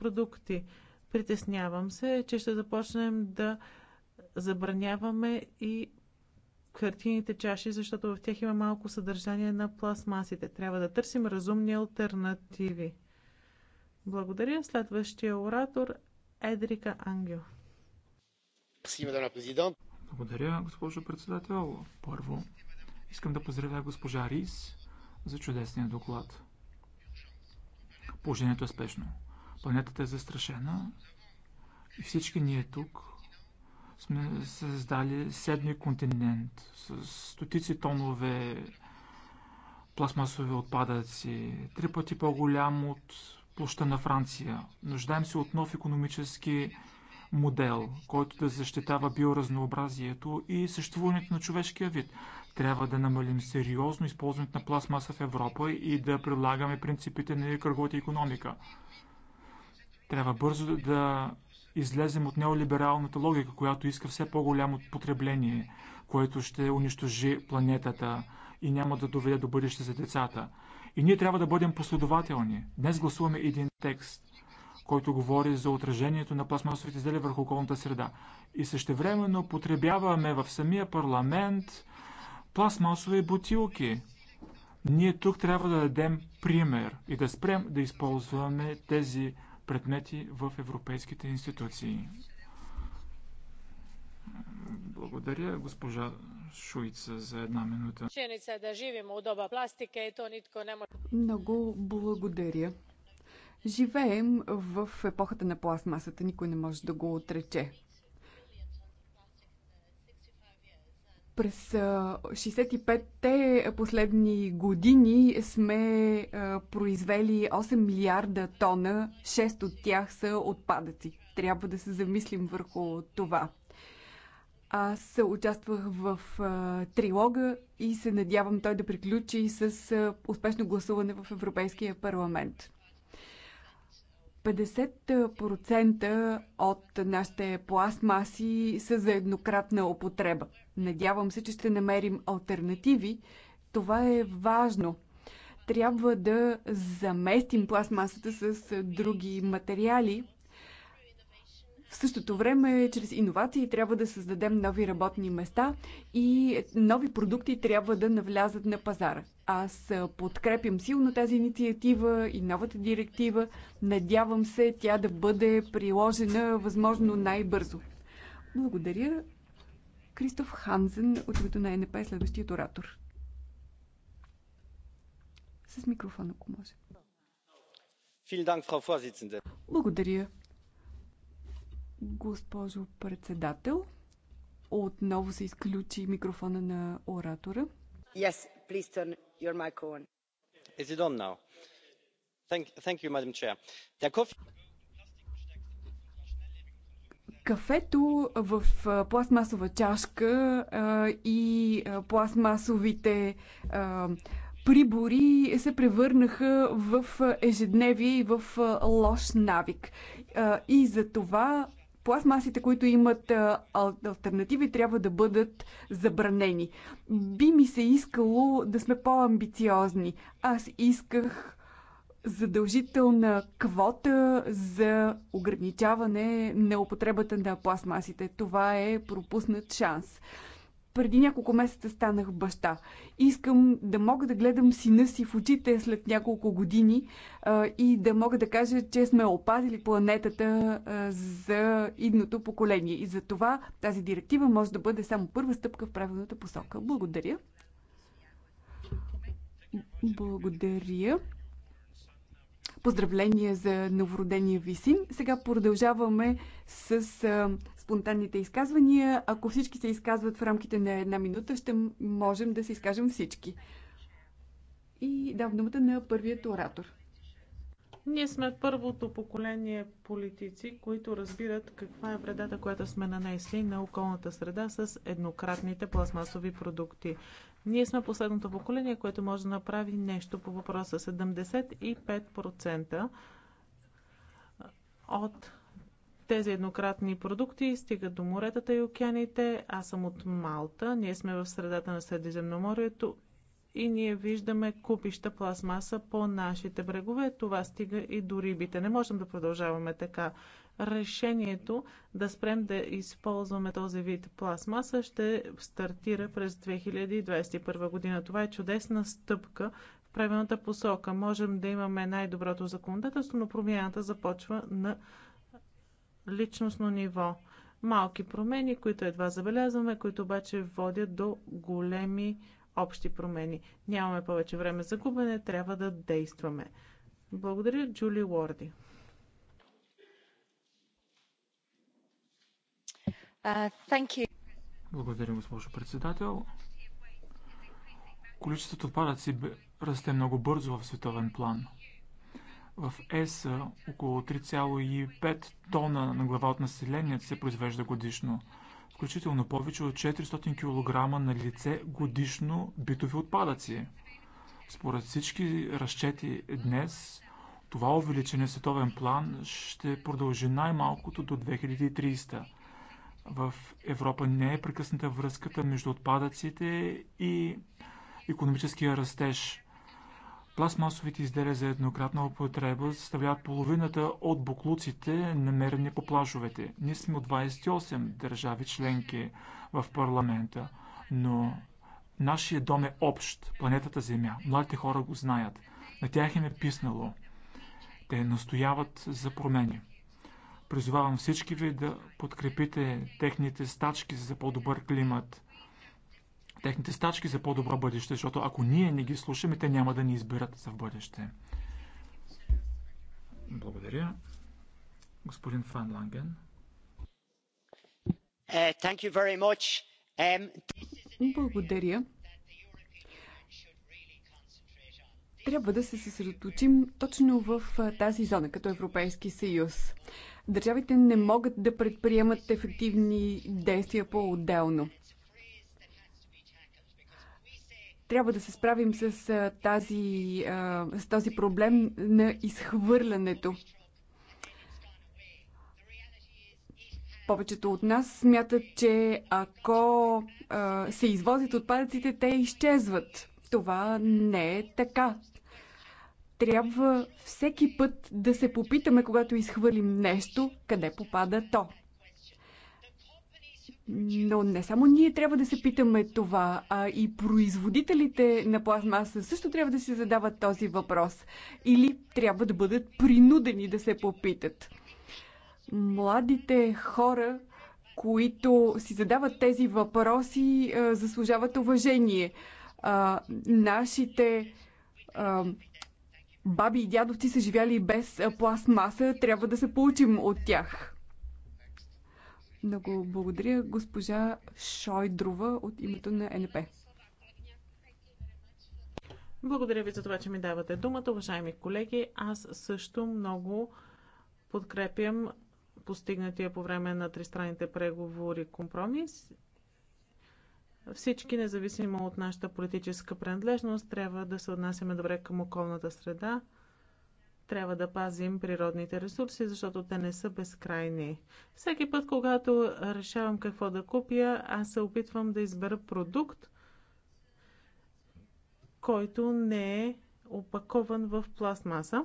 продукти. Притеснявам се, че ще започнем да забраняваме и картините чаши, защото в тях има малко съдържание на пластмасите. Трябва да търсим разумни альтернативи. Благодаря. Следващия оратор Едрика Ангел. Благодаря, госпожо председател. Първо, искам да поздравя госпожа Рис за чудесния доклад. Положението е спешно. Планетата е застрашена и всички ние тук сме създали седми континент с стотици тонове пластмасови отпадъци, три пъти по-голям от площа на Франция. Нуждаем се от нов економически модел, който да защитава биоразнообразието и съществуването на човешкия вид. Трябва да намалим сериозно използването на пластмаса в Европа и да прилагаме принципите на кръговата економика. Трябва бързо да излезем от неолибералната логика, която иска все по-голямо потребление, което ще унищожи планетата и няма да доведе до бъдеще за децата. И ние трябва да бъдем последователни. Днес гласуваме един текст, който говори за отражението на пластмасовите изделия върху околната среда. И същевременно потребяваме в самия парламент пластмасови бутилки. Ние тук трябва да дадем пример и да спрем да използваме тези предмети в европейските институции. Благодаря, госпожа Шуица, за една минута. Много благодаря. Живеем в епохата на пластмасата, никой не може да го отрече. През 65-те последни години сме произвели 8 милиарда тона, 6 от тях са отпадъци. Трябва да се замислим върху това. Аз участвах в трилога и се надявам той да приключи с успешно гласуване в Европейския парламент. 50% от нашите пластмаси са за еднократна употреба. Надявам се, че ще намерим альтернативи. Това е важно. Трябва да заместим пластмасата с други материали, в същото време, чрез иновации трябва да създадем нови работни места и нови продукти трябва да навлязат на пазара. Аз подкрепям силно тази инициатива и новата директива. Надявам се тя да бъде приложена възможно най-бързо. Благодаря. Кристоф Ханзен от името на НП е следващият оратор. С микрофон, ако може. Благодаря, Госпожо председател, отново се изключи микрофона на оратора. Yes, please turn your mic on. Is it on now? Thank, thank you, Madam Chair. The coffee... Кафето в пластмасова чашка а, и пластмасовите а, прибори се превърнаха в ежедневие и в лош навик. И за това пластмасите, които имат альтернативи, трябва да бъдат забранени. Би ми се искало да сме по-амбициозни. Аз исках задължителна квота за ограничаване на употребата на пластмасите. Това е пропуснат шанс преди няколко месеца станах баща. Искам да мога да гледам сина си в очите след няколко години а, и да мога да кажа, че сме опазили планетата а, за идното поколение. И за това тази директива може да бъде само първа стъпка в правилната посока. Благодаря. Благодаря. Поздравления за новородения ви син. Сега продължаваме с а, спонтанните изказвания. Ако всички се изказват в рамките на една минута, ще можем да се изкажем всички. И дам думата на първият оратор. Ние сме първото поколение политици, които разбират каква е вредата, която сме нанесли на околната среда с еднократните пластмасови продукти. Ние сме последното поколение, което може да направи нещо по въпроса. 75% от тези еднократни продукти стигат до моретата и океаните. Аз съм от Малта. Ние сме в средата на Средиземноморието и ние виждаме купища пластмаса по нашите брегове. Това стига и до рибите. Не можем да продължаваме така. Решението да спрем да използваме този вид пластмаса ще стартира през 2021 година. Това е чудесна стъпка в правилната посока. Можем да имаме най-доброто законодателство, но промяната започва на личностно ниво. Малки промени, които едва забелязваме, които обаче водят до големи общи промени. Нямаме повече време за губене, трябва да действаме. Благодаря, Джули Уорди. Uh, Благодаря, госпожо председател. Количеството отпадъци расте много бързо в световен план – в ЕС около 3,5 тона на глава от населението се произвежда годишно, включително повече от 400 кг на лице годишно битови отпадъци. Според всички разчети днес, това увеличение в световен план ще продължи най-малкото до 2300. В Европа не е прекъсната връзката между отпадъците и економическия растеж. Пластмасовите изделия за еднократна употреба съставляват половината от буклуците, намерени по плажовете. Ние сме от 28 държави членки в парламента, но нашия дом е общ, планетата Земя. Младите хора го знаят. На тях им е писнало. Те настояват за промени. Призовавам всички ви да подкрепите техните стачки за по-добър климат – техните стачки за по-добро бъдеще, защото ако ние не ги слушаме, те няма да ни изберат за в бъдеще. Благодаря. Господин Фан Ланген. Е, Благодаря. Трябва да се съсредоточим точно в тази зона, като Европейски съюз. Държавите не могат да предприемат ефективни действия по-отделно. Трябва да се справим с, тази, с този проблем на изхвърлянето. повечето от нас смятат, че ако а, се извозят отпадъците, те изчезват. Това не е така. Трябва всеки път да се попитаме, когато изхвърлим нещо, къде попада то. Но не само ние трябва да се питаме това, а и производителите на пластмаса също трябва да си задават този въпрос. Или трябва да бъдат принудени да се попитат. Младите хора, които си задават тези въпроси, заслужават уважение. Нашите баби и дядовци са живяли без пластмаса, трябва да се получим от тях. Много благодаря госпожа Шойдрова от името на НП. Благодаря ви за това, че ми давате думата, уважаеми колеги. Аз също много подкрепям постигнатия по време на тристранните преговори компромис. Всички, независимо от нашата политическа принадлежност, трябва да се отнасяме добре към околната среда, трябва да пазим природните ресурси, защото те не са безкрайни. Всеки път, когато решавам какво да купя, аз се опитвам да избера продукт, който не е опакован в пластмаса.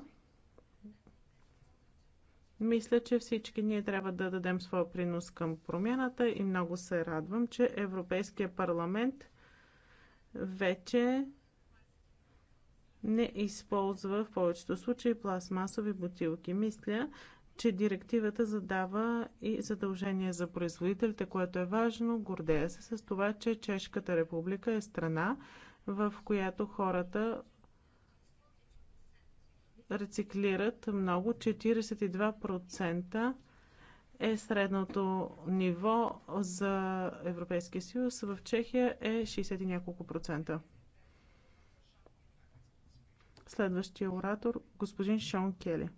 Мисля, че всички ние трябва да дадем своя принос към промяната и много се радвам, че Европейския парламент вече не използва в повечето случаи пластмасови бутилки. Мисля, че директивата задава и задължение за производителите, което е важно. Гордея се с това, че Чешката република е страна, в която хората рециклират много. 42% е средното ниво за Европейския съюз. В Чехия е 60 и няколко процента. Следващия оратор господин Шон Кели.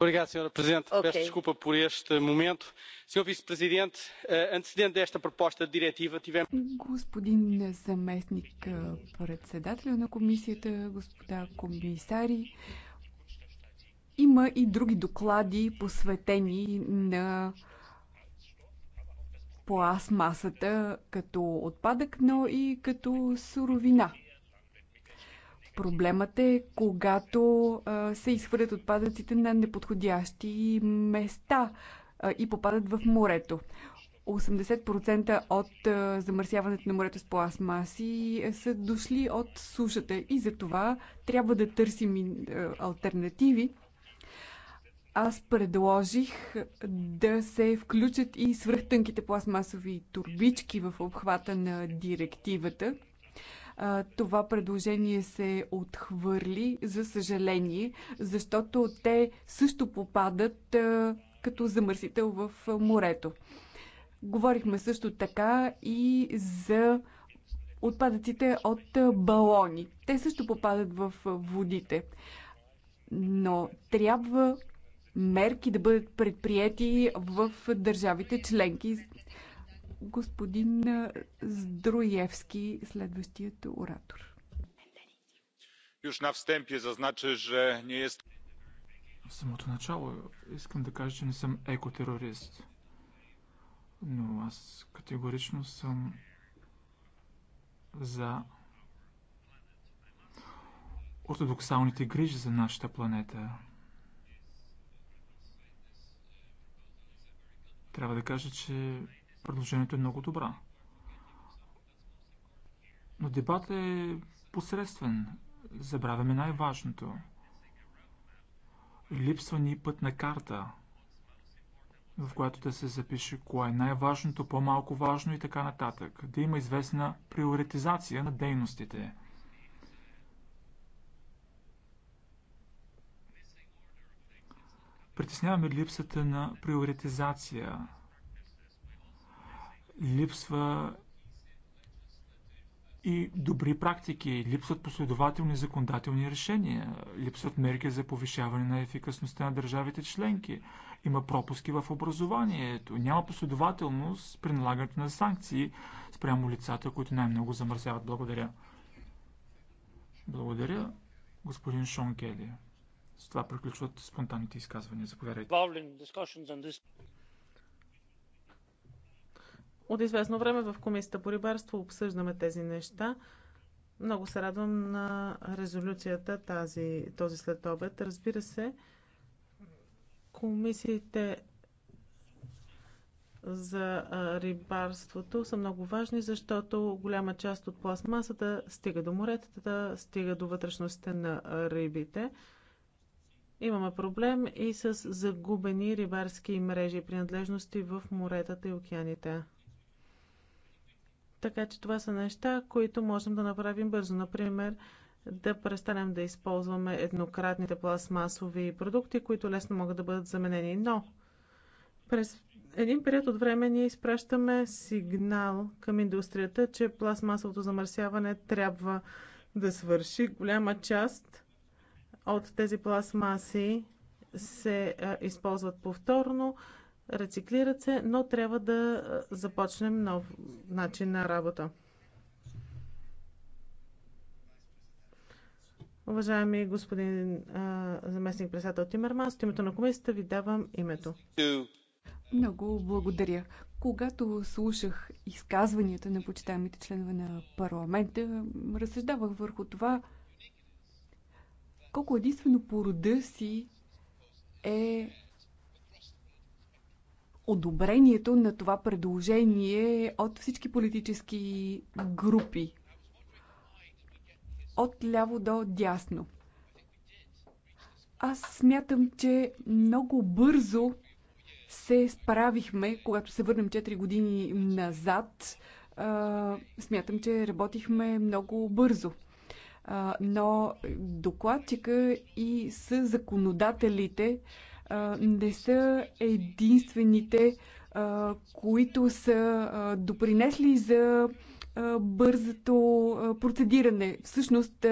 Obrigado, Sra. Presidente. Okay. Peço desculpa por este momento. Sr. Vice-Presidente, eh, antecedente desta proposta de diretiva, tivemos. Господин заместник е, председател на комисията, господа комисари, има и други доклади, посветени на пластмасата като отпадък, но и като суровина. Проблемът е, когато а, се изхвърлят отпадъците на неподходящи места а, и попадат в морето. 80% от а, замърсяването на морето с пластмаси са дошли от сушата и за това трябва да търсим а, альтернативи аз предложих да се включат и свръхтънките пластмасови турбички в обхвата на директивата. Това предложение се отхвърли, за съжаление, защото те също попадат като замърсител в морето. Говорихме също така и за отпадъците от балони. Те също попадат в водите. Но трябва мерки да бъдат предприяти в държавите членки. Господин Здруевски, следващият оратор. В самото начало искам да кажа, че не съм екотерорист. Но аз категорично съм за ортодоксалните грижи за нашата планета. Трябва да кажа, че предложението е много добра. Но дебатът е посредствен. Забравяме най-важното. Липсва ни пътна карта, в която да се запише кое е най-важното, по-малко важно и така нататък. Да има известна приоритизация на дейностите. Притесняваме липсата на приоритизация. Липсва и добри практики, липсват последователни законодателни решения, липсват мерки за повишаване на ефикасността на държавите членки, има пропуски в образованието, няма последователност при налагането на санкции спрямо лицата, които най-много замърсяват. Благодаря. Благодаря, господин Шон Келия. С това приключват спонтанните изказвания. Заповядайте. От известно време в Комисията по рибарство обсъждаме тези неща. Много се радвам на резолюцията тази, този след обед. Разбира се, комисиите за рибарството са много важни, защото голяма част от пластмасата стига до моретата, стига до вътрешностите на рибите. Имаме проблем и с загубени рибарски мрежи и принадлежности в моретата и океаните. Така че това са неща, които можем да направим бързо. Например, да престанем да използваме еднократните пластмасови продукти, които лесно могат да бъдат заменени. Но през един период от време ние изпращаме сигнал към индустрията, че пластмасовото замърсяване трябва да свърши. Голяма част от тези пластмаси се използват повторно, рециклират се, но трябва да започнем нов начин на работа. Уважаеми господин а, заместник председател Тимерман, с името на комисията ви давам името. Много благодаря. Когато слушах изказванията на почитаемите членове на парламента, разсъждавах върху това колко единствено по рода си е одобрението на това предложение от всички политически групи. От ляво до дясно. Аз смятам, че много бързо се справихме, когато се върнем 4 години назад. Смятам, че работихме много бързо но докладчика и с законодателите не са единствените, които са допринесли за бързото процедиране. Всъщност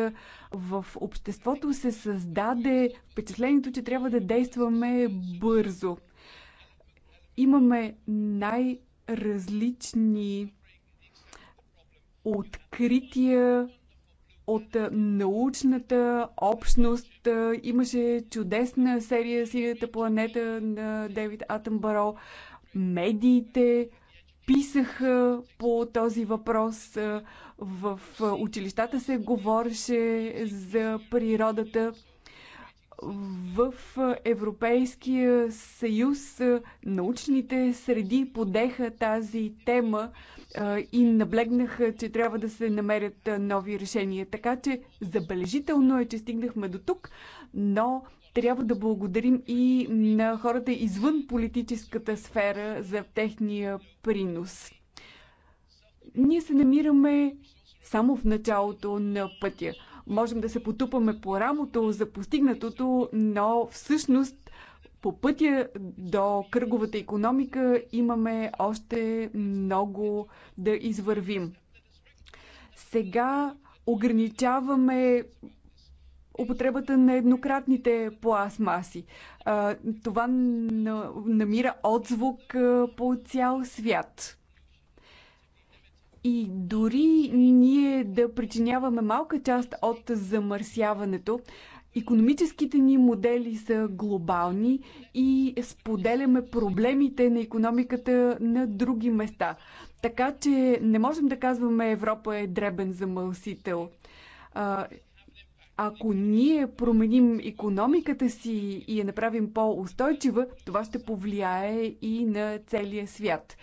в обществото се създаде впечатлението, че трябва да действаме бързо. Имаме най-различни открития от научната общност. Имаше чудесна серия Синята планета на Девид Атенбаро. Медиите писаха по този въпрос. В училищата се говореше за природата в Европейския съюз научните среди подеха тази тема и наблегнаха, че трябва да се намерят нови решения. Така че забележително е, че стигнахме до тук, но трябва да благодарим и на хората извън политическата сфера за техния принос. Ние се намираме само в началото на пътя. Можем да се потупаме по рамото за постигнатото, но всъщност по пътя до кръговата економика имаме още много да извървим. Сега ограничаваме употребата на еднократните пластмаси. Това намира отзвук по цял свят. И дори ние да причиняваме малка част от замърсяването, Економическите ни модели са глобални и споделяме проблемите на економиката на други места. Така че не можем да казваме Европа е дребен замълсител. Ако ние променим економиката си и я направим по-устойчива, това ще повлияе и на целия свят.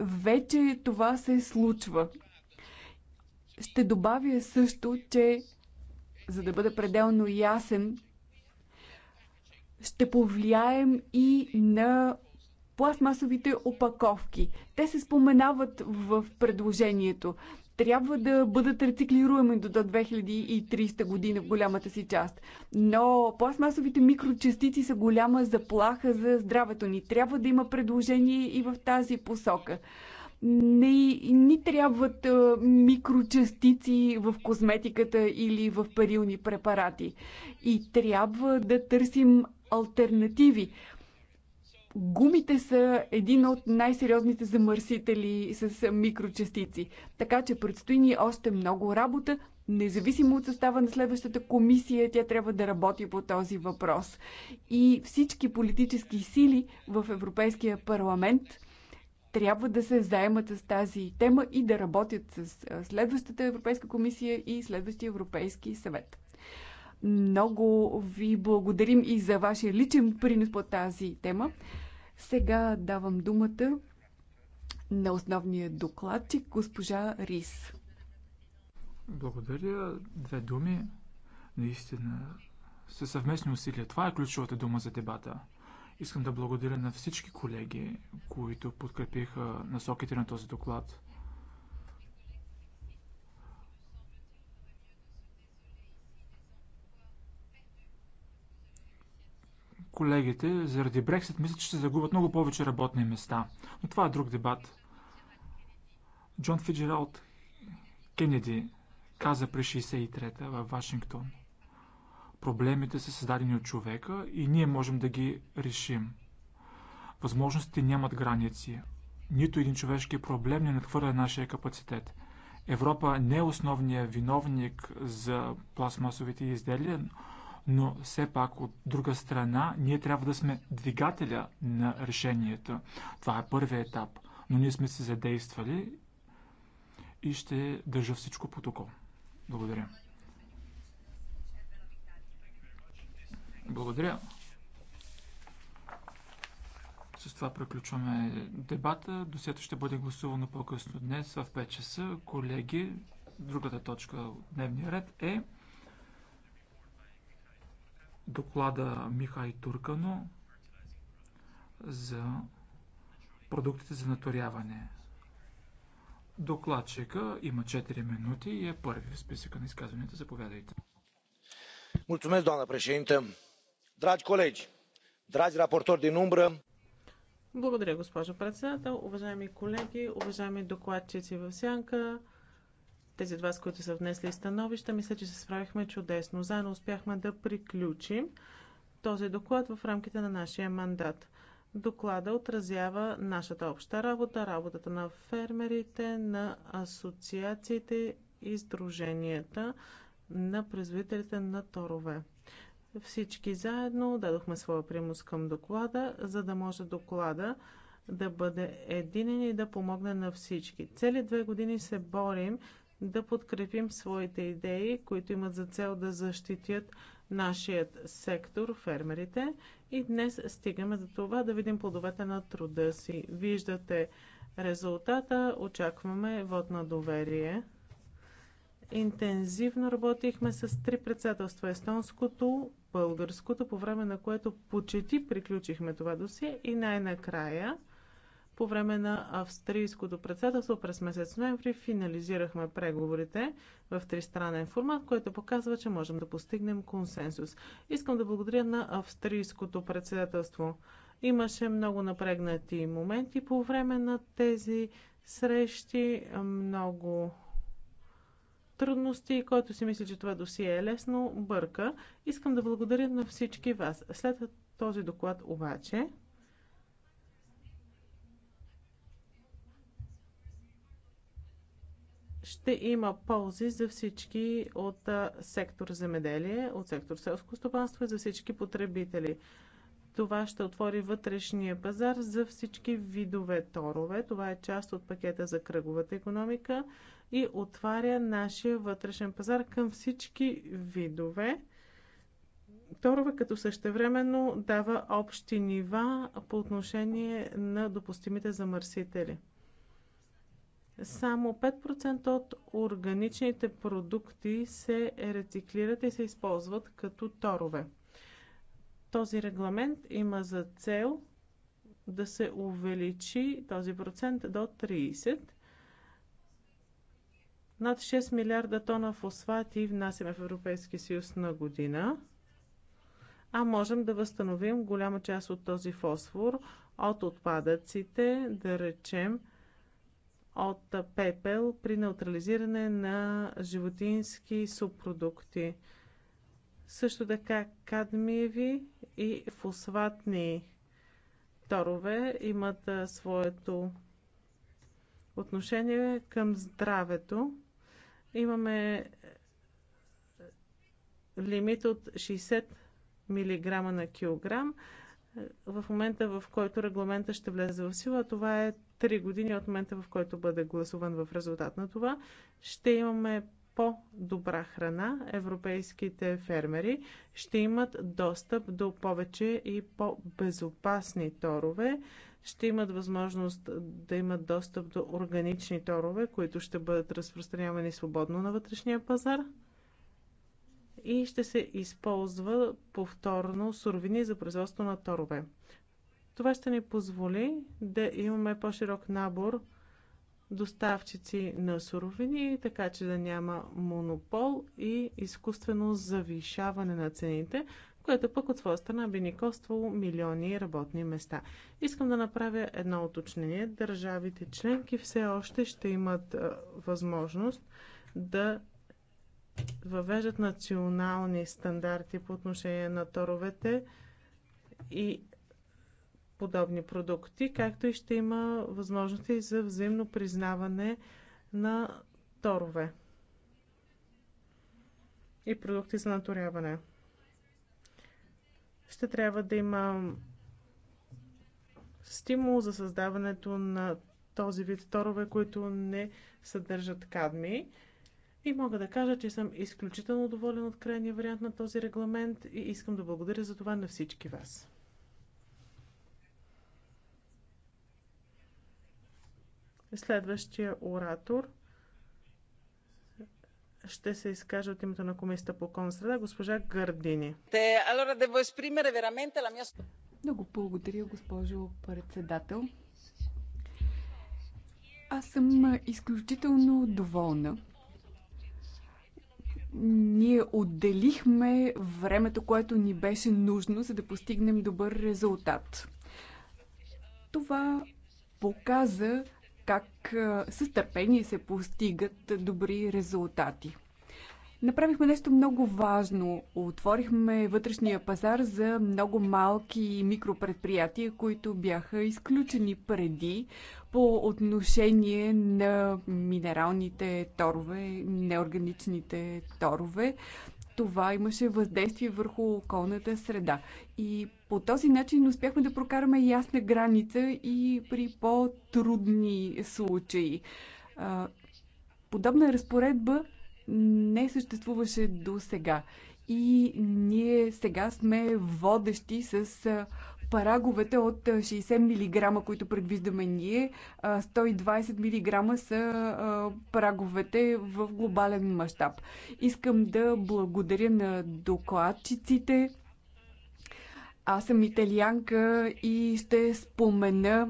Вече това се случва. Ще добавя също, че за да бъда пределно ясен, ще повлияем и на пластмасовите опаковки. Те се споменават в предложението трябва да бъдат рециклируеми до 2030 година в голямата си част. Но пластмасовите микрочастици са голяма заплаха за здравето ни. Трябва да има предложение и в тази посока не ни трябват микрочастици в козметиката или в парилни препарати. И трябва да търсим альтернативи. Гумите са един от най-сериозните замърсители с микрочастици. Така че предстои ни още много работа. Независимо от състава на следващата комисия, тя трябва да работи по този въпрос. И всички политически сили в Европейския парламент трябва да се заемат с тази тема и да работят с следващата Европейска комисия и следващия Европейски съвет. Много ви благодарим и за вашия личен принос по тази тема. Сега давам думата на основния докладчик, госпожа Рис. Благодаря. Две думи. Наистина, са съвместни усилия. Това е ключовата дума за дебата. Искам да благодаря на всички колеги, които подкрепиха насоките на този доклад. колегите заради Брексит мислят, че ще загубят много повече работни места. Но това е друг дебат. Джон Фиджералд Кенеди каза през 63-та във Вашингтон. Проблемите са създадени от човека и ние можем да ги решим. Възможностите нямат граници. Нито един човешки проблем не надхвърля нашия капацитет. Европа не е основният виновник за пластмасовите изделия, но все пак от друга страна ние трябва да сме двигателя на решенията. Това е първият етап, но ние сме се задействали и ще държа всичко протокол. Благодаря. Благодаря. С това приключваме дебата. Досието ще бъде гласувано по-късно днес в 5 часа. Колеги, другата точка от дневния ред е доклада Михай Туркано за продуктите за наторяване. Докладчика има 4 минути и е първи в списъка на изказванията. Заповядайте. Mulțumesc, doamnă președintă. Dragi colegi, dragi raportori din umbră, благодаря, госпожо председател. Уважаеми колеги, уважаеми докладчици в сянка, тези от вас, които са внесли становища. Мисля, че се справихме чудесно. Заедно успяхме да приключим този доклад в рамките на нашия мандат. Доклада отразява нашата обща работа, работата на фермерите, на асоциациите и сдруженията на производителите на торове. Всички заедно дадохме своя примус към доклада, за да може доклада да бъде единен и да помогне на всички. Цели две години се борим да подкрепим своите идеи, които имат за цел да защитят нашият сектор, фермерите. И днес стигаме до това да видим плодовете на труда си. Виждате резултата, очакваме вод на доверие. Интензивно работихме с три председателства естонското, българското, по време на което почти приключихме това досие и най-накрая по време на австрийското председателство през месец ноември финализирахме преговорите в тристранен формат, което показва, че можем да постигнем консенсус. Искам да благодаря на австрийското председателство. Имаше много напрегнати моменти по време на тези срещи, много трудности, който си мисли, че това досие е лесно, бърка. Искам да благодаря на всички вас. След този доклад обаче ще има ползи за всички от сектор земеделие, от сектор селско стопанство и за всички потребители. Това ще отвори вътрешния пазар за всички видове торове. Това е част от пакета за кръговата економика и отваря нашия вътрешен пазар към всички видове торове, като същевременно дава общи нива по отношение на допустимите замърсители. Само 5% от органичните продукти се рециклират и се използват като торове. Този регламент има за цел да се увеличи този процент до 30. Над 6 милиарда тона фосфати внасяме в Европейския съюз на година, а можем да възстановим голяма част от този фосфор от отпадъците, да речем – от пепел при неутрализиране на животински субпродукти. Също така кадмиеви и фосфатни торове имат своето отношение към здравето. Имаме лимит от 60 мг на килограм в момента в който регламента ще влезе в сила. Това е 3 години от момента, в който бъде гласуван в резултат на това, ще имаме по-добра храна, европейските фермери ще имат достъп до повече и по-безопасни торове, ще имат възможност да имат достъп до органични торове, които ще бъдат разпространявани свободно на вътрешния пазар и ще се използва повторно суровини за производство на торове. Това ще ни позволи да имаме по-широк набор доставчици на суровини, така че да няма монопол и изкуствено завишаване на цените, което пък от своя страна би ни коствало милиони работни места. Искам да направя едно уточнение. Държавите членки все още ще имат а, възможност да въвеждат национални стандарти по отношение на торовете и подобни продукти, както и ще има възможности за взаимно признаване на торове и продукти за наторяване. Ще трябва да има стимул за създаването на този вид торове, които не съдържат кадми. И мога да кажа, че съм изключително доволен от крайния вариант на този регламент и искам да благодаря за това на всички вас. Следващия оратор ще се изкаже от името на Комисията по околна среда госпожа Гардини. Много благодаря, госпожо председател. Аз съм изключително доволна. Ние отделихме времето, което ни беше нужно, за да постигнем добър резултат. Това показа, как с търпение се постигат добри резултати. Направихме нещо много важно. Отворихме вътрешния пазар за много малки микропредприятия, които бяха изключени преди по отношение на минералните торове, неорганичните торове. Това имаше въздействие върху околната среда. И по този начин успяхме да прокараме ясна граница и при по-трудни случаи. Подобна разпоредба не съществуваше до сега. И ние сега сме водещи с параговете от 60 мг, които предвиждаме ние. 120 мг са параговете в глобален мащаб. Искам да благодаря на докладчиците, аз съм италианка и ще спомена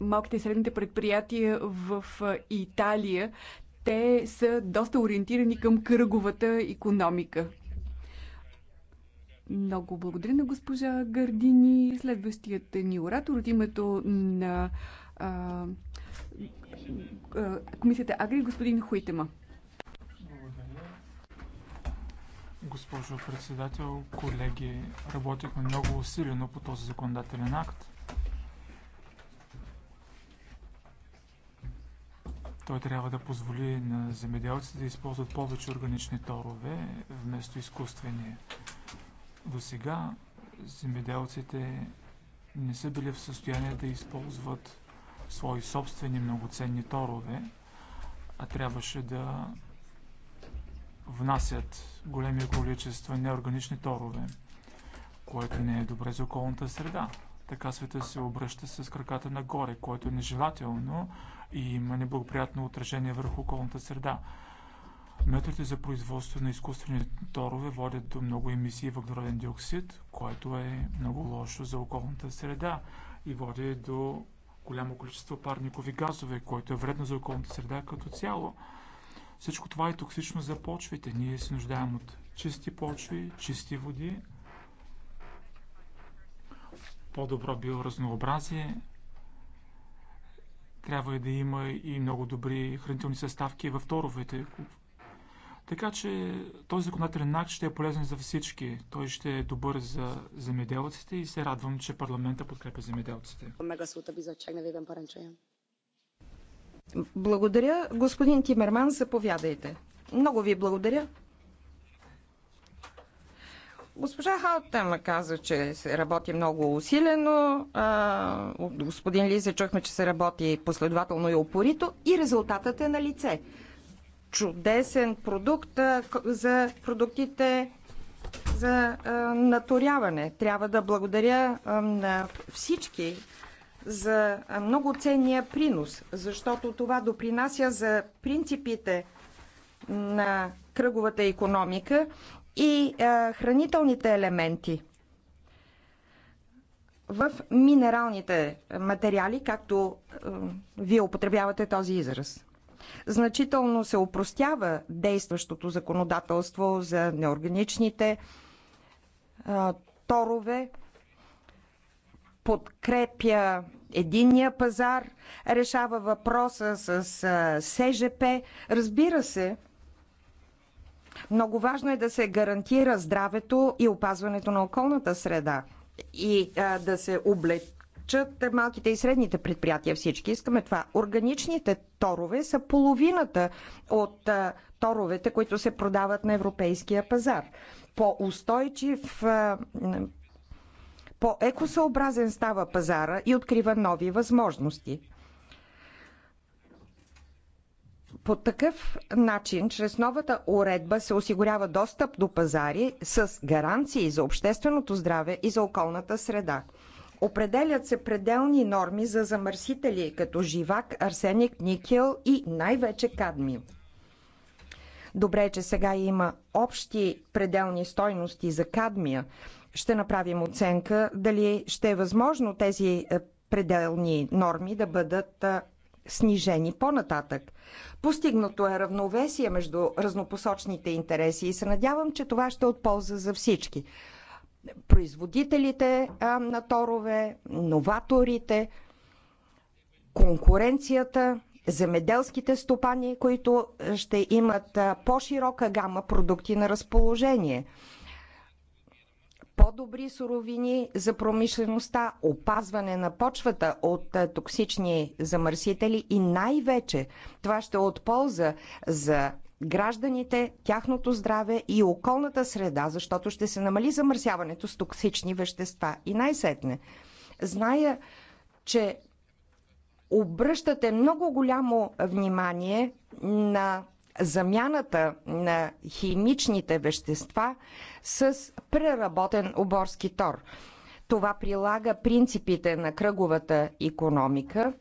малките и средните предприятия в Италия. Те са доста ориентирани към кръговата економика. Много благодаря на госпожа Гардини. Следващият ни оратор от името на а, а, Комисията Агри, господин Хуитема. Госпожо председател, колеги, работихме много усилено по този законодателен акт. Той трябва да позволи на земеделците да използват повече органични торове вместо изкуствени. До сега земеделците не са били в състояние да използват свои собствени многоценни торове, а трябваше да внасят големи количества неорганични торове, което не е добре за околната среда. Така света се обръща с краката нагоре, което е нежелателно и има неблагоприятно отражение върху околната среда. Методите за производство на изкуствени торове водят до много емисии въглероден диоксид, което е много лошо за околната среда и води до голямо количество парникови газове, което е вредно за околната среда като цяло. Всичко това е токсично за почвите. Ние се нуждаем от чисти почви, чисти води, по-добро биоразнообразие. Трябва и да има и много добри хранителни съставки във торовете. Така че този законодателен акт ще е полезен за всички. Той ще е добър за земеделците и се радвам, че парламента подкрепя земеделците. Благодаря. Господин Тимерман, заповядайте. Много ви благодаря. Госпожа Халтема каза, че се работи много усилено. А, от господин Лиза чухме, че се работи последователно и опорито. И резултатът е на лице. Чудесен продукт а, за продуктите за а, наторяване. Трябва да благодаря а, на всички за много ценния принос, защото това допринася за принципите на кръговата економика и хранителните елементи в минералните материали, както вие употребявате този израз. Значително се упростява действащото законодателство за неорганичните торове, подкрепя единния пазар, решава въпроса с СЖП. Разбира се, много важно е да се гарантира здравето и опазването на околната среда и а, да се облечат малките и средните предприятия. Всички искаме това. Органичните торове са половината от а, торовете, които се продават на европейския пазар. По-устойчив по-екосъобразен става пазара и открива нови възможности. По такъв начин, чрез новата уредба се осигурява достъп до пазари с гаранции за общественото здраве и за околната среда. Определят се пределни норми за замърсители като живак, арсеник, никел и най-вече кадми. Добре, е, че сега има общи пределни стойности за кадмия, ще направим оценка дали ще е възможно тези е, пределни норми да бъдат е, снижени по-нататък. Постигнато е равновесие между разнопосочните интереси и се надявам, че това ще е от полза за всички. Производителите е, на торове, новаторите, конкуренцията, земеделските стопани, които ще имат по-широка гама продукти на разположение по-добри суровини за промишлеността, опазване на почвата от е, токсични замърсители и най-вече това ще е от полза за гражданите, тяхното здраве и околната среда, защото ще се намали замърсяването с токсични вещества. И най-сетне, зная, че обръщате много голямо внимание на замяната на химичните вещества с преработен оборски тор. Това прилага принципите на кръговата економика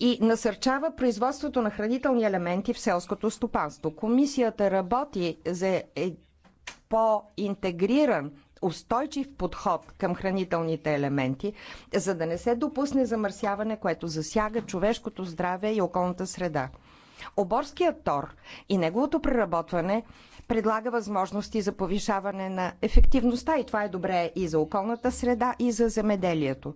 и насърчава производството на хранителни елементи в селското стопанство. Комисията работи за е по-интегриран устойчив подход към хранителните елементи, за да не се допусне замърсяване, което засяга човешкото здраве и околната среда. Оборският тор и неговото преработване предлага възможности за повишаване на ефективността и това е добре и за околната среда, и за земеделието.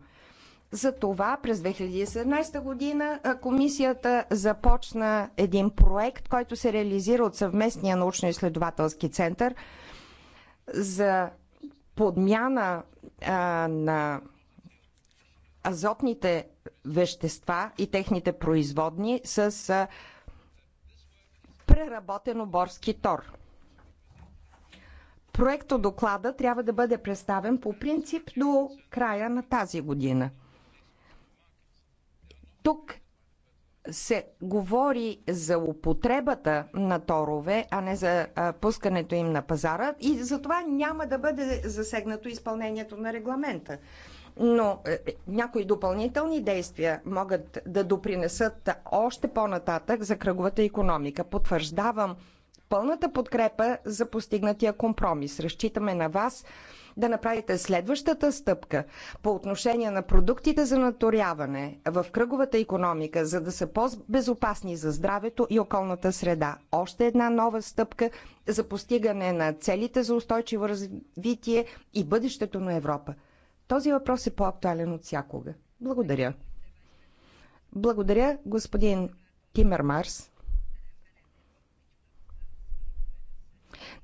За това през 2017 година комисията започна един проект, който се реализира от съвместния научно-изследователски център за подмяна а, на азотните вещества и техните производни с а, преработен оборски тор. Проекто доклада трябва да бъде представен по принцип до края на тази година. Тук се говори за употребата на торове, а не за пускането им на пазара и за това няма да бъде засегнато изпълнението на регламента но е, е, някои допълнителни действия могат да допринесат още по-нататък за кръговата економика. Потвърждавам пълната подкрепа за постигнатия компромис. Разчитаме на вас да направите следващата стъпка по отношение на продуктите за наторяване в кръговата економика, за да са по-безопасни за здравето и околната среда. Още една нова стъпка за постигане на целите за устойчиво развитие и бъдещето на Европа. Този въпрос е по-актуален от всякога. Благодаря. Благодаря, господин Тимер Марс.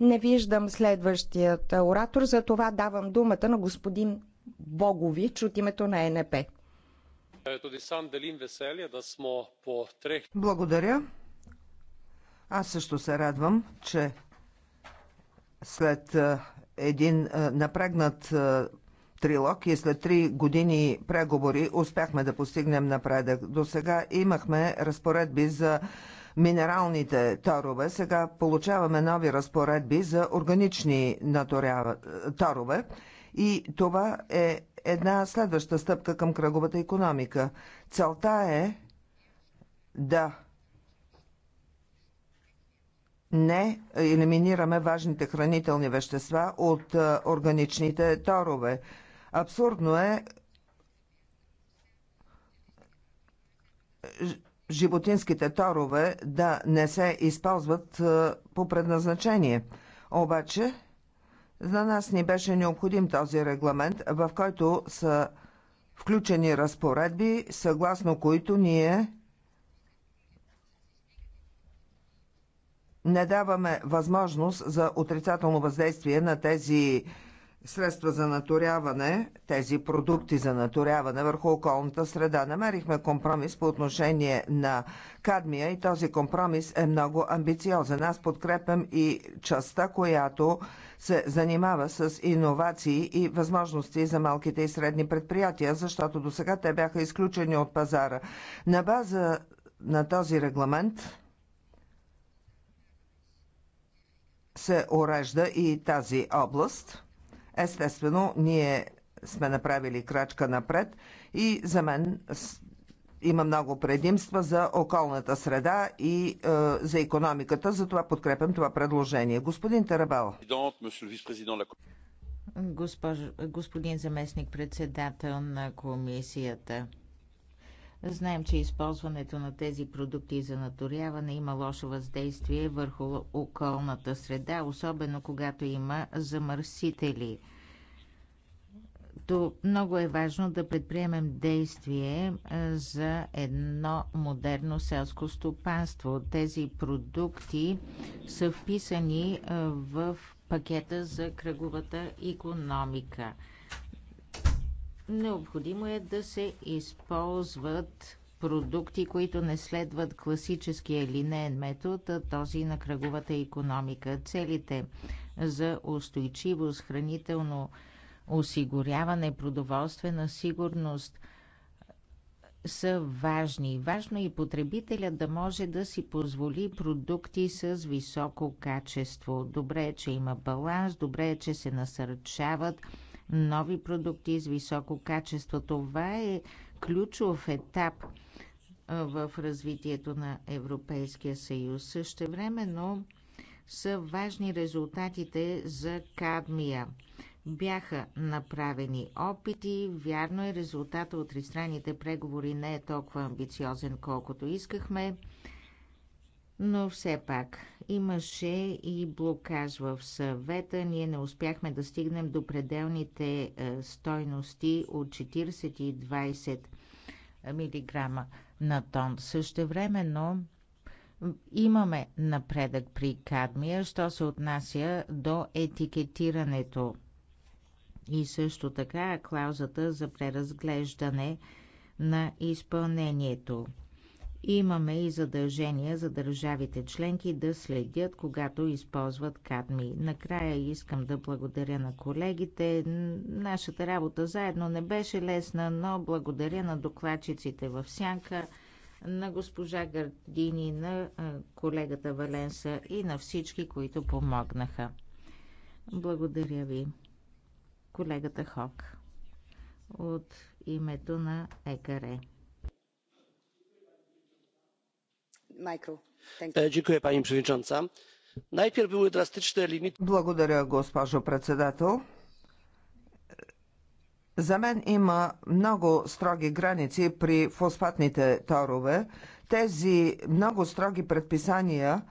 Не виждам следващият оратор, за това давам думата на господин Богович от името на НП. Благодаря. Аз също се радвам, че след един напрегнат трилог и след три години преговори успяхме да постигнем напредък. До сега имахме разпоредби за минералните торове. Сега получаваме нови разпоредби за органични торове. И това е една следваща стъпка към кръговата економика. Целта е да не елиминираме важните хранителни вещества от органичните торове. Абсурдно е животинските торове да не се използват е, по предназначение. Обаче, за нас ни беше необходим този регламент, в който са включени разпоредби, съгласно които ние не даваме възможност за отрицателно въздействие на тези средства за наторяване, тези продукти за наторяване върху околната среда. Намерихме компромис по отношение на кадмия и този компромис е много амбициозен. Аз подкрепям и частта, която се занимава с иновации и възможности за малките и средни предприятия, защото до сега те бяха изключени от пазара. На база на този регламент се урежда и тази област – Естествено, ние сме направили крачка напред и за мен има много предимства за околната среда и е, за економиката, затова подкрепям това предложение. Господин Тарабал. Госпож... господин заместник председател на комисията. Знаем, че използването на тези продукти за наторяване има лошо въздействие върху околната среда, особено когато има замърсители. То много е важно да предприемем действие е, за едно модерно селско стопанство. Тези продукти са вписани е, в пакета за кръговата економика – Необходимо е да се използват продукти, които не следват класическия линейен метод, а този на кръговата економика. Целите за устойчивост, хранително осигуряване, продоволствена сигурност са важни. Важно е и потребителя да може да си позволи продукти с високо качество. Добре е, че има баланс, добре е, че се насърчават нови продукти с високо качество. Това е ключов етап в развитието на Европейския съюз. времено са важни резултатите за кадмия. Бяха направени опити. Вярно е, резултата от тристранните преговори не е толкова амбициозен, колкото искахме. Но все пак имаше и блокаж в съвета. Ние не успяхме да стигнем до пределните е, стойности от 40 и 20 е, мг на тон. но имаме напредък при кадмия, що се отнася до етикетирането. И също така клаузата за преразглеждане на изпълнението. Имаме и задължения за държавите членки да следят, когато използват кадми. Накрая искам да благодаря на колегите. Нашата работа заедно не беше лесна, но благодаря на докладчиците в Сянка, на госпожа Гардини, на колегата Валенса и на всички, които помогнаха. Благодаря ви, колегата Хок, от името на ЕКАРЕ. Е, pani przewodnicząca! najpierw były drastyczne limity. Благодаря, госпожо председател. За мен има много строги граници при фосфатните торове. Тези много строги предписания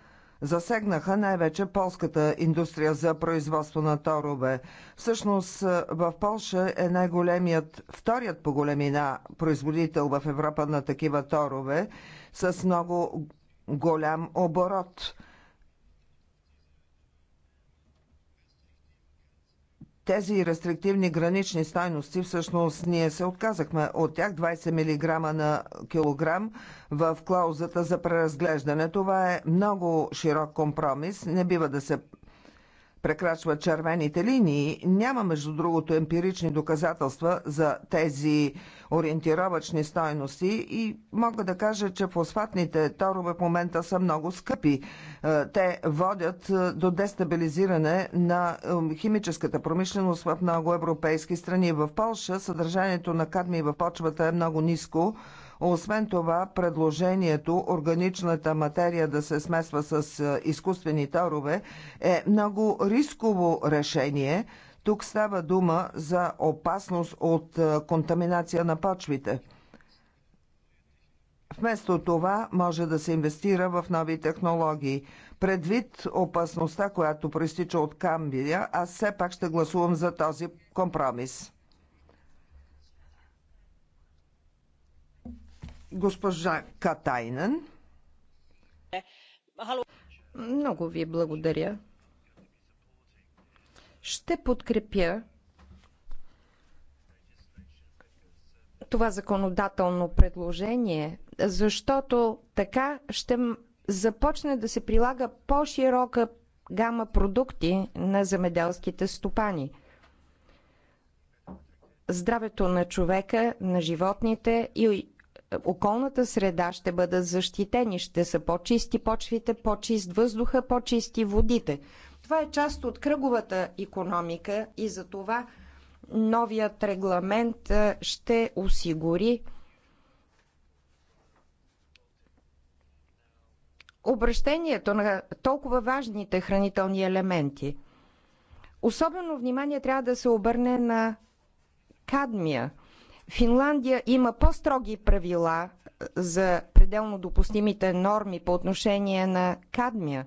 засегнаха най-вече полската индустрия за производство на торове. Всъщност в Полша е най-големият, вторият по големина производител в Европа на такива торове с много голям оборот. Тези рестриктивни гранични стойности, всъщност ние се отказахме от тях 20 мг на килограм в клаузата за преразглеждане. Това е много широк компромис, не бива да се прекрачва червените линии. Няма, между другото, емпирични доказателства за тези ориентировачни стойности и мога да кажа, че фосфатните торове в момента са много скъпи. Е, те водят е, до дестабилизиране на е, химическата промишленост в много европейски страни. В Польша съдържанието на кадми в почвата е много ниско освен това, предложението органичната материя да се смесва с е, изкуствени торове е много рисково решение. Тук става дума за опасност от е, контаминация на почвите. Вместо това може да се инвестира в нови технологии. Предвид опасността, която проистича от Камбия, аз все пак ще гласувам за този компромис. Госпожа Катайнен. Много ви благодаря. Ще подкрепя това законодателно предложение, защото така ще започне да се прилага по-широка гама продукти на земеделските стопани. Здравето на човека, на животните и околната среда ще бъдат защитени, ще са по-чисти почвите, по-чист въздуха, по-чисти водите. Това е част от кръговата економика и за това новият регламент ще осигури обращението на толкова важните хранителни елементи. Особено внимание трябва да се обърне на кадмия. Финландия има по-строги правила е, за пределно допустимите норми по отношение на кадмия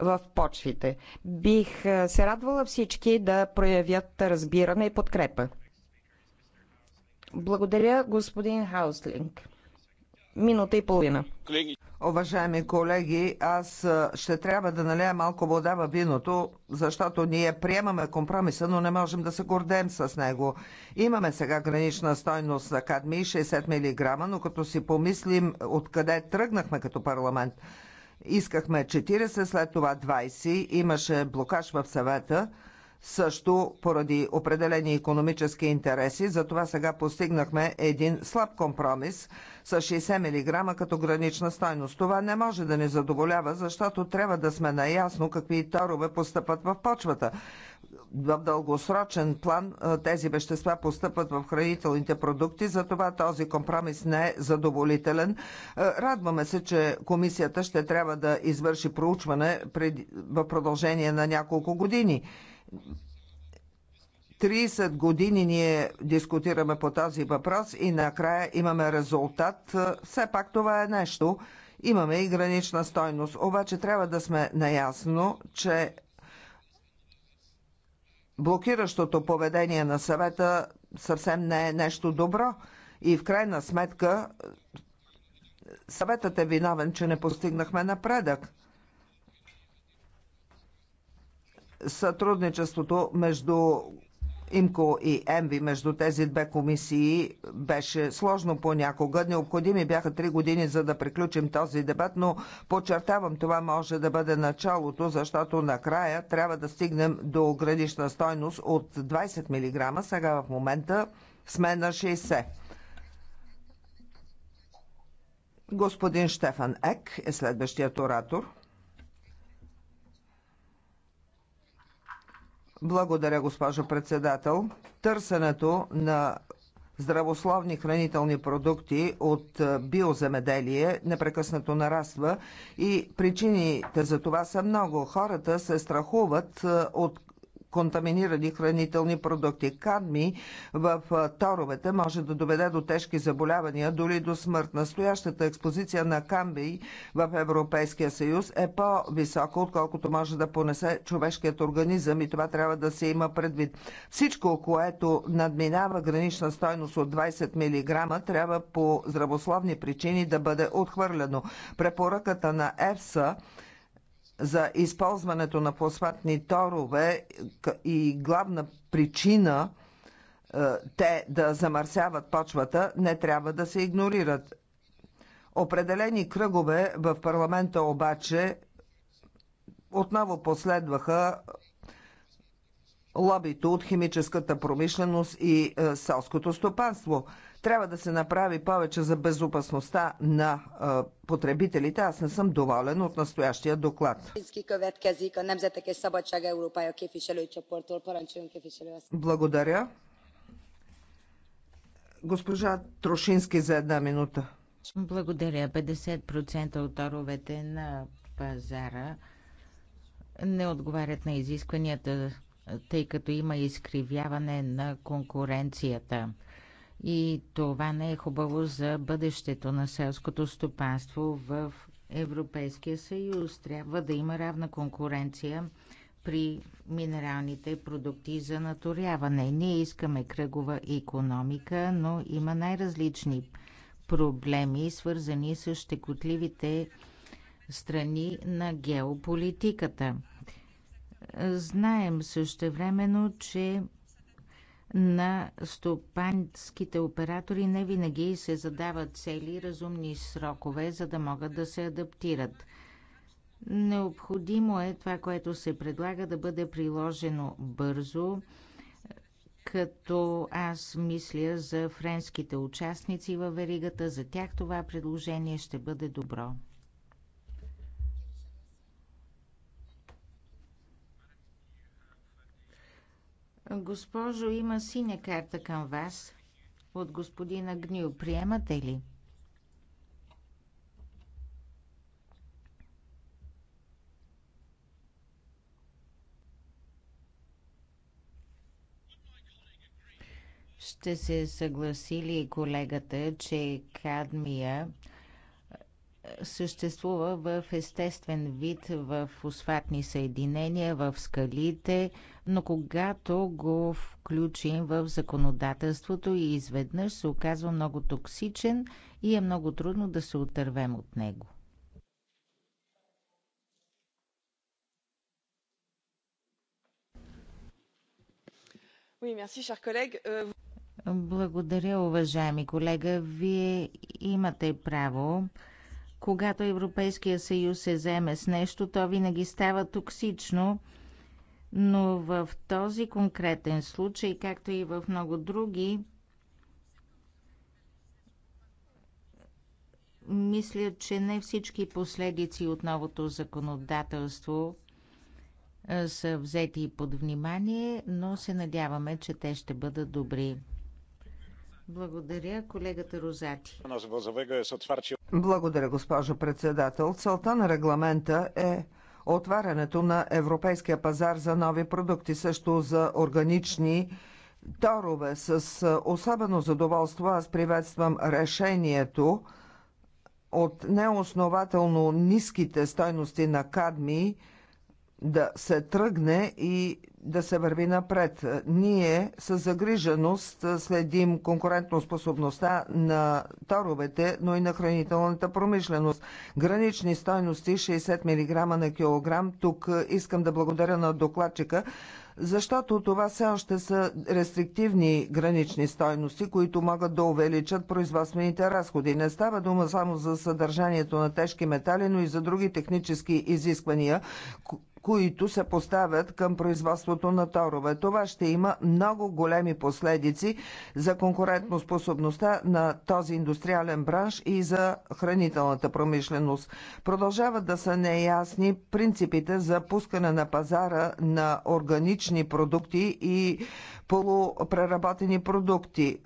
в почвите. Бих е, се радвала всички да проявят разбиране и подкрепа. Благодаря, господин Хауслинг минута и половина. Уважаеми колеги, аз ще трябва да наля малко вода във виното, защото ние приемаме компромиса, но не можем да се гордем с него. Имаме сега гранична стойност на кадми 60 мг, но като си помислим откъде тръгнахме като парламент, искахме 40, след това 20, имаше блокаж в съвета – също поради определени економически интереси, затова сега постигнахме един слаб компромис с 60 мг като гранична стойност. Това не може да ни задоволява, защото трябва да сме наясно какви торове постъпват в почвата. В дългосрочен план тези вещества постъпват в хранителните продукти, затова този компромис не е задоволителен. Радваме се, че комисията ще трябва да извърши проучване в продължение на няколко години. 30 години ние дискутираме по този въпрос и накрая имаме резултат. Все пак това е нещо. Имаме и гранична стойност. Обаче трябва да сме наясно, че блокиращото поведение на съвета съвсем не е нещо добро. И в крайна сметка съветът е виновен, че не постигнахме напредък. сътрудничеството между ИМКО и ЕМВИ, между тези две комисии, беше сложно понякога. Необходими бяха три години, за да приключим този дебат, но подчертавам, това може да бъде началото, защото накрая трябва да стигнем до гранична стойност от 20 мг. Сега в момента сме на 60. Господин Штефан Ек е следващият оратор. Благодаря, госпожо председател. Търсенето на здравословни хранителни продукти от биоземеделие непрекъснато нараства и причините за това са много. Хората се страхуват от контаминирани хранителни продукти. Кадми в торовете може да доведе до тежки заболявания, дори до смърт. Настоящата експозиция на камбий в Европейския съюз е по-висока, отколкото може да понесе човешкият организъм и това трябва да се има предвид. Всичко, което надминава гранична стойност от 20 мг, трябва по здравословни причини да бъде отхвърлено. Препоръката на ЕФСА за използването на фосфатни торове и главна причина е, те да замърсяват почвата, не трябва да се игнорират. Определени кръгове в парламента обаче отново последваха лобито от химическата промишленост и е, селското стопанство. Трябва да се направи повече за безопасността на потребителите. Аз не съм доволен от настоящия доклад. Благодаря. Госпожа Трошински за една минута. Благодаря. 50% от оровете на пазара не отговарят на изискванията, тъй като има изкривяване на конкуренцията и това не е хубаво за бъдещето на селското стопанство в Европейския съюз. Трябва да има равна конкуренция при минералните продукти за наторяване. Ние искаме кръгова економика, но има най-различни проблеми, свързани с щекотливите страни на геополитиката. Знаем също времено, че на стопанските оператори не винаги се задават цели и разумни срокове, за да могат да се адаптират. Необходимо е това, което се предлага да бъде приложено бързо, като аз мисля за френските участници във веригата, за тях това предложение ще бъде добро. Госпожо, има синя карта към вас от господина Гнил. Приемате ли? Ще се съгласи ли колегата, че кадмия е, съществува в естествен вид в фосфатни съединения, в скалите, но когато го включим в законодателството и изведнъж се оказва много токсичен и е много трудно да се отървем от него. Euh, Благодаря, уважаеми колега. Вие имате право. Когато Европейския съюз се заеме с нещо, то винаги става токсично но в този конкретен случай, както и в много други, мисля, че не всички последици от новото законодателство са взети под внимание, но се надяваме, че те ще бъдат добри. Благодаря, колегата Розати. Е Благодаря, госпожо председател. Целта на регламента е отварянето на европейския пазар за нови продукти, също за органични торове. С особено задоволство аз приветствам решението от неоснователно ниските стойности на кадмии да се тръгне и да се върви напред. Ние с загриженост следим конкурентоспособността на торовете, но и на хранителната промишленост. Гранични стойности 60 мг на килограм. Тук искам да благодаря на докладчика, защото това все още са рестриктивни гранични стойности, които могат да увеличат производствените разходи. Не става дума само за съдържанието на тежки метали, но и за други технически изисквания, които се поставят към производството на торове. Това ще има много големи последици за конкурентоспособността на този индустриален бранш и за хранителната промишленост. Продължават да са неясни принципите за пускане на пазара на органични продукти и полупреработени продукти.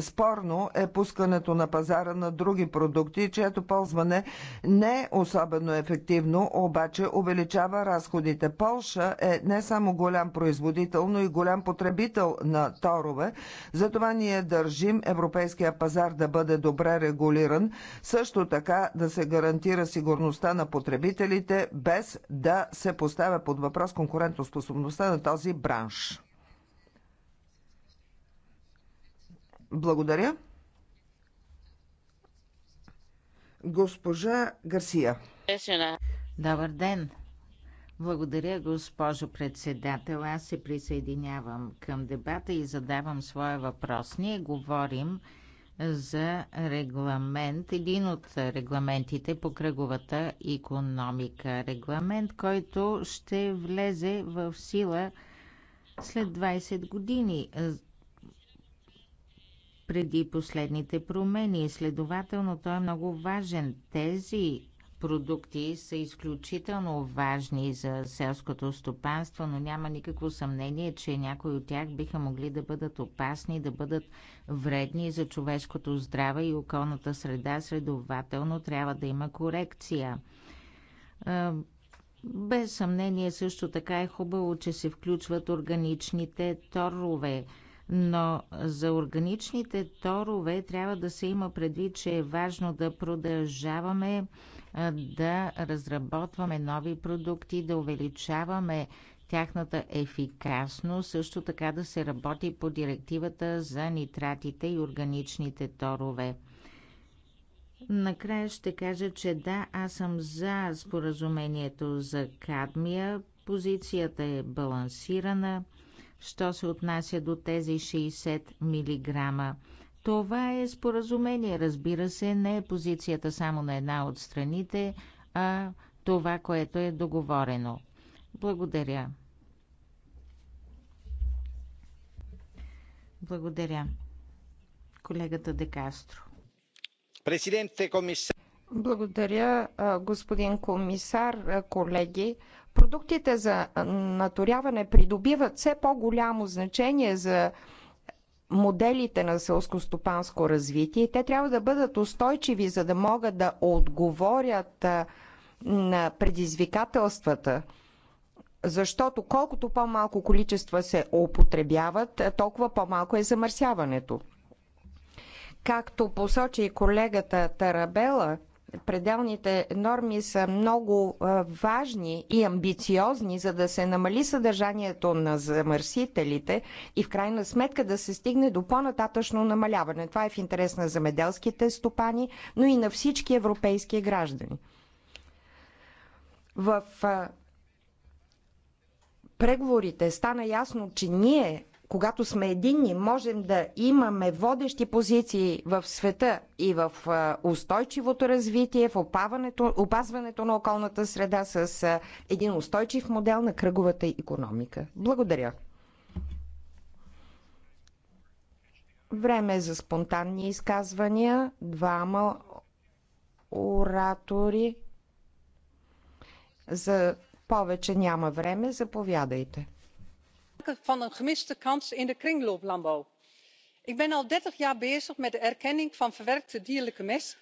Спорно е пускането на пазара на други продукти, чието ползване не е особено ефективно, обаче увеличава разходите разходите. Полша е не само голям производител, но и голям потребител на торове. Затова ние държим европейския пазар да бъде добре регулиран, също така да се гарантира сигурността на потребителите, без да се поставя под въпрос конкурентоспособността на този бранш. Благодаря. Госпожа Гарсия. Добър ден. Благодаря, госпожо председател. Аз се присъединявам към дебата и задавам своя въпрос. Ние говорим за регламент, един от регламентите по кръговата економика. Регламент, който ще влезе в сила след 20 години преди последните промени. Следователно, той е много важен. Тези продукти са изключително важни за селското стопанство, но няма никакво съмнение, че някои от тях биха могли да бъдат опасни, да бъдат вредни за човешкото здраве и околната среда. Следователно трябва да има корекция. Без съмнение също така е хубаво, че се включват органичните торове. Но за органичните торове трябва да се има предвид, че е важно да продължаваме да разработваме нови продукти, да увеличаваме тяхната ефикасност, също така да се работи по директивата за нитратите и органичните торове. Накрая ще кажа, че да, аз съм за споразумението за кадмия. Позицията е балансирана, що се отнася до тези 60 милиграма. Това е споразумение, разбира се, не е позицията само на една от страните, а това, което е договорено. Благодаря. Благодаря. Колегата Декастро. Президенте комисар. Благодаря, господин комисар, колеги. Продуктите за наторяване придобиват все по-голямо значение за моделите на селско-стопанско развитие. Те трябва да бъдат устойчиви, за да могат да отговорят на предизвикателствата. Защото колкото по-малко количества се употребяват, толкова по-малко е замърсяването. Както посочи и колегата Тарабела, пределните норми са много важни и амбициозни, за да се намали съдържанието на замърсителите и в крайна сметка да се стигне до по-нататъчно намаляване. Това е в интерес на замеделските стопани, но и на всички европейски граждани. В преговорите стана ясно, че ние когато сме единни, можем да имаме водещи позиции в света и в устойчивото развитие, в опаването, опазването на околната среда с един устойчив модел на кръговата економика. Благодаря. Време е за спонтанни изказвания. Двама оратори. За повече няма време. Заповядайте van een gemiste kans in de kringlooplandbouw. ik ben al dertig jaar bezig met de erkenning van verwerkte dierlijke mest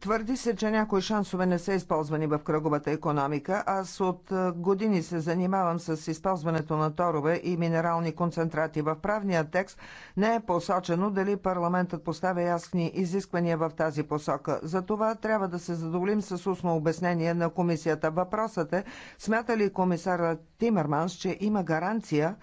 Твърди се, че някои шансове не са използвани в кръговата економика. Аз от е, години се занимавам с използването на торове и минерални концентрати. В правния текст не е посочено дали парламентът поставя ясни изисквания в тази посока. За това трябва да се задоволим с устно обяснение на комисията. Въпросът е, смята ли комисарът Тимерманс, че има гаранция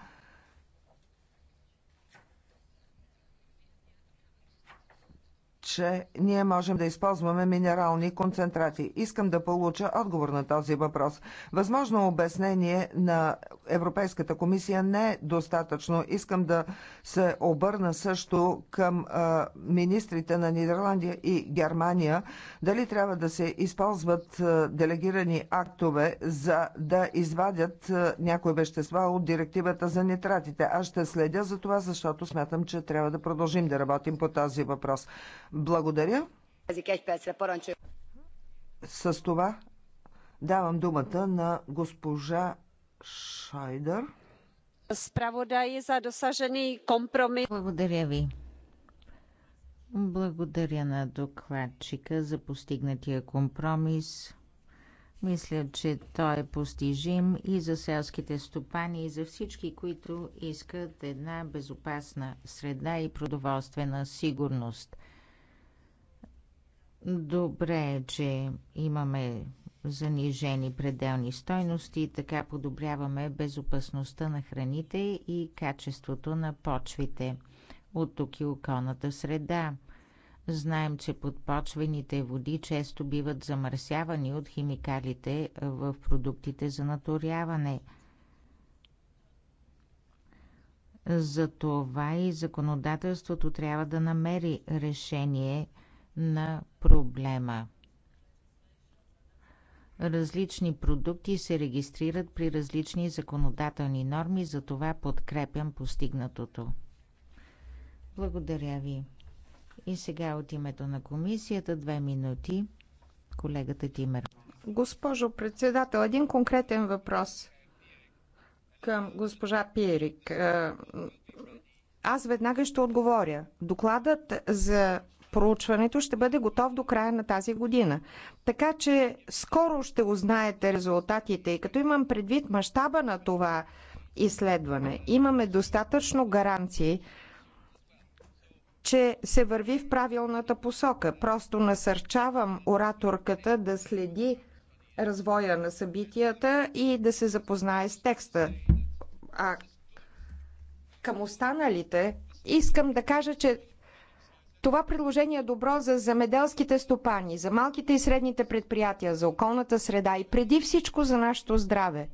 че ние можем да използваме минерални концентрати. Искам да получа отговор на този въпрос. Възможно обяснение на Европейската комисия не е достатъчно. Искам да се обърна също към а, министрите на Нидерландия и Германия. Дали трябва да се използват а, делегирани актове за да извадят а, някои вещества от директивата за нитратите? Аз ще следя за това, защото смятам, че трябва да продължим да работим по този въпрос. Благодаря. С това давам думата на госпожа Шайдер. Справодай за досажени компромис. Благодаря ви. Благодаря на докладчика за постигнатия компромис. Мисля, че той е постижим и за селските стопани, и за всички, които искат една безопасна среда и продоволствена сигурност – Добре е, че имаме занижени пределни стойности, така подобряваме безопасността на храните и качеството на почвите. От тук и околната среда. Знаем, че подпочвените води често биват замърсявани от химикалите в продуктите за наторяване. Затова и законодателството трябва да намери решение – на проблема. Различни продукти се регистрират при различни законодателни норми, затова подкрепям постигнатото. Благодаря ви. И сега от името на комисията две минути колегата Тимер. Госпожо председател, един конкретен въпрос към госпожа Пиерик. Е, аз веднага ще отговоря. Докладът за проучването ще бъде готов до края на тази година. Така че скоро ще узнаете резултатите и като имам предвид мащаба на това изследване, имаме достатъчно гаранции, че се върви в правилната посока. Просто насърчавам ораторката да следи развоя на събитията и да се запознае с текста. А към останалите искам да кажа, че това предложение е добро за замеделските стопани, за малките и средните предприятия, за околната среда и преди всичко за нашето здраве.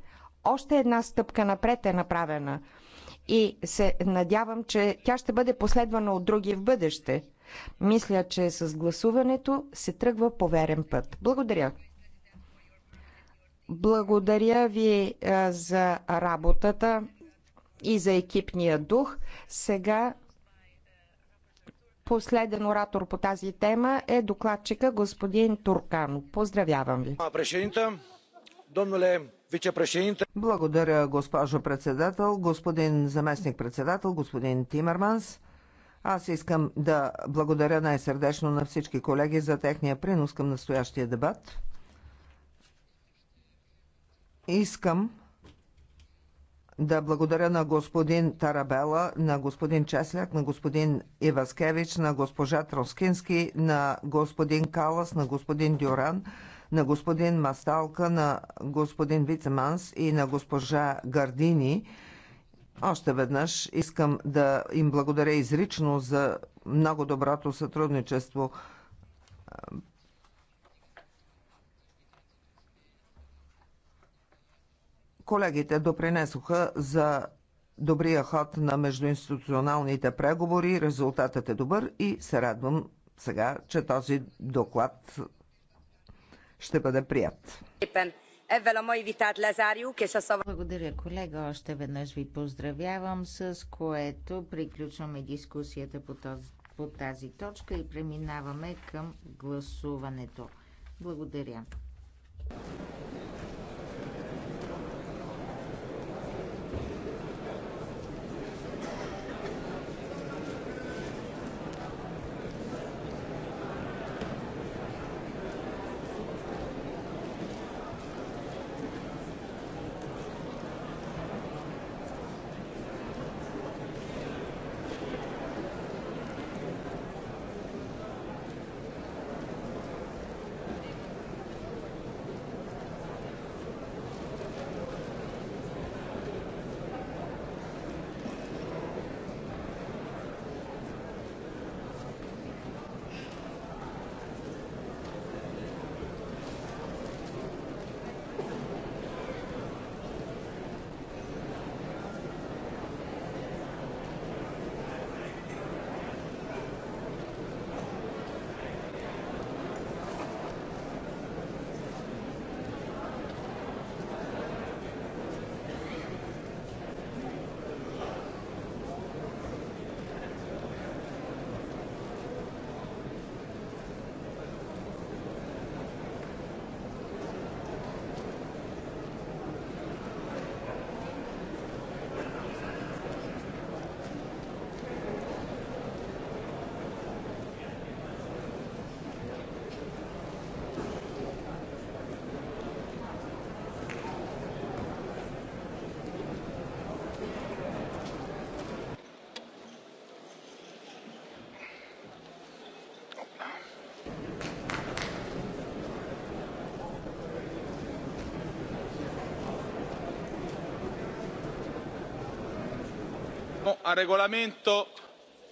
Още една стъпка напред е направена и се надявам, че тя ще бъде последвана от други в бъдеще. Мисля, че с гласуването се тръгва по верен път. Благодаря. Благодаря ви е, за работата и за екипния дух. Сега Последен оратор по тази тема е докладчика господин Туркан. Поздравявам ви. Благодаря, госпожо председател, господин заместник председател, господин Тимерманс. Аз искам да благодаря най-сърдечно на всички колеги за техния принос към настоящия дебат. Искам да благодаря на господин Тарабела, на господин Чесляк, на господин Иваскевич, на госпожа Троскински, на господин Калас, на господин Дюран, на господин Масталка, на господин Вицеманс и на госпожа Гардини. Още веднъж искам да им благодаря изрично за много доброто сътрудничество. Колегите допринесоха за добрия ход на междуинституционалните преговори. Резултатът е добър и се радвам сега, че този доклад ще бъде прият. Благодаря, колега. Още веднъж ви поздравявам, с което приключваме дискусията по, този, по тази точка и преминаваме към гласуването. Благодаря.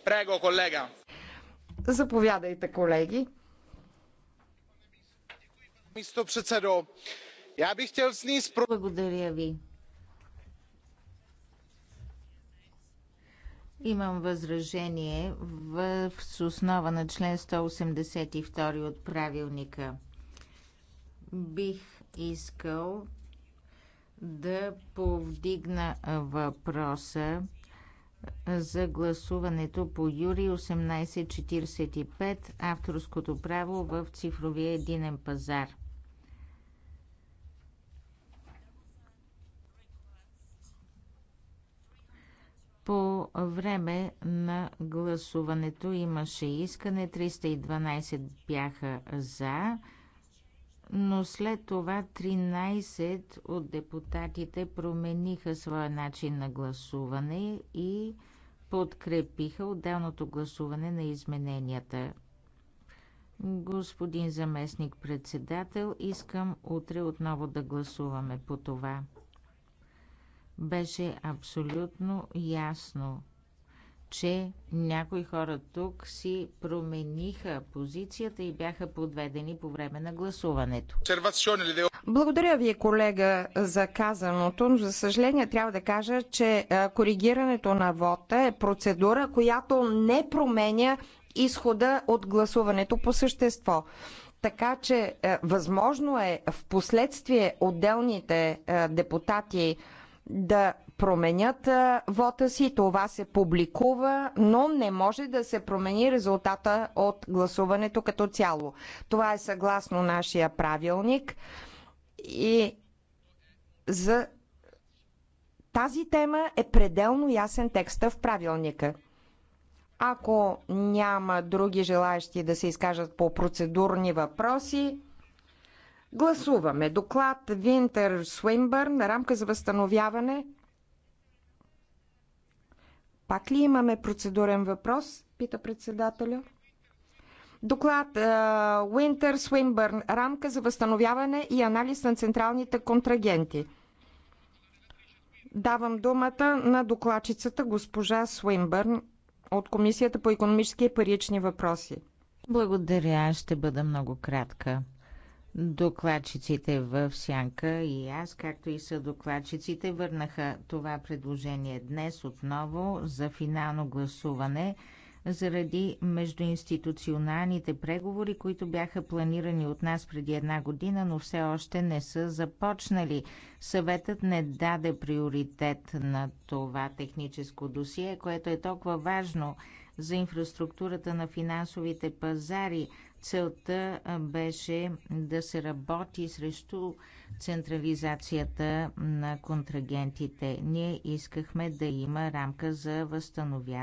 Прего, колега. Заповядайте, колеги. Благодаря ви. Имам възражение в основа на член 182 от правилника. Бих искал да повдигна въпроса за гласуването по Юри 1845 авторското право в цифровия единен пазар. По време на гласуването имаше искане, 312 бяха за, но след това 13 от депутатите промениха своя начин на гласуване и подкрепиха отделното гласуване на измененията. Господин заместник председател, искам утре отново да гласуваме по това. Беше абсолютно ясно, че някои хора тук си промениха позицията и бяха подведени по време на гласуването. Благодаря ви, колега, за казаното, но за съжаление трябва да кажа, че коригирането на вота е процедура, която не променя изхода от гласуването по същество. Така че възможно е в последствие отделните депутати да променят вота си, това се публикува, но не може да се промени резултата от гласуването като цяло. Това е съгласно нашия правилник и за тази тема е пределно ясен текста в правилника. Ако няма други желаящи да се изкажат по процедурни въпроси, гласуваме доклад Винтер Суинбърн, рамка за възстановяване пак ли имаме процедурен въпрос? Пита председателя. Доклад Уинтер Свинбърн. Рамка за възстановяване и анализ на централните контрагенти. Давам думата на докладчицата госпожа Свинбърн от Комисията по економически и парични въпроси. Благодаря, ще бъда много кратка. Докладчиците в Сянка и аз, както и са докладчиците, върнаха това предложение днес отново за финално гласуване заради междуинституционалните преговори, които бяха планирани от нас преди една година, но все още не са започнали. Съветът не даде приоритет на това техническо досие, което е толкова важно за инфраструктурата на финансовите пазари – Целта беше да се работи срещу централизацията на контрагентите. Ние искахме да има рамка за възстановяване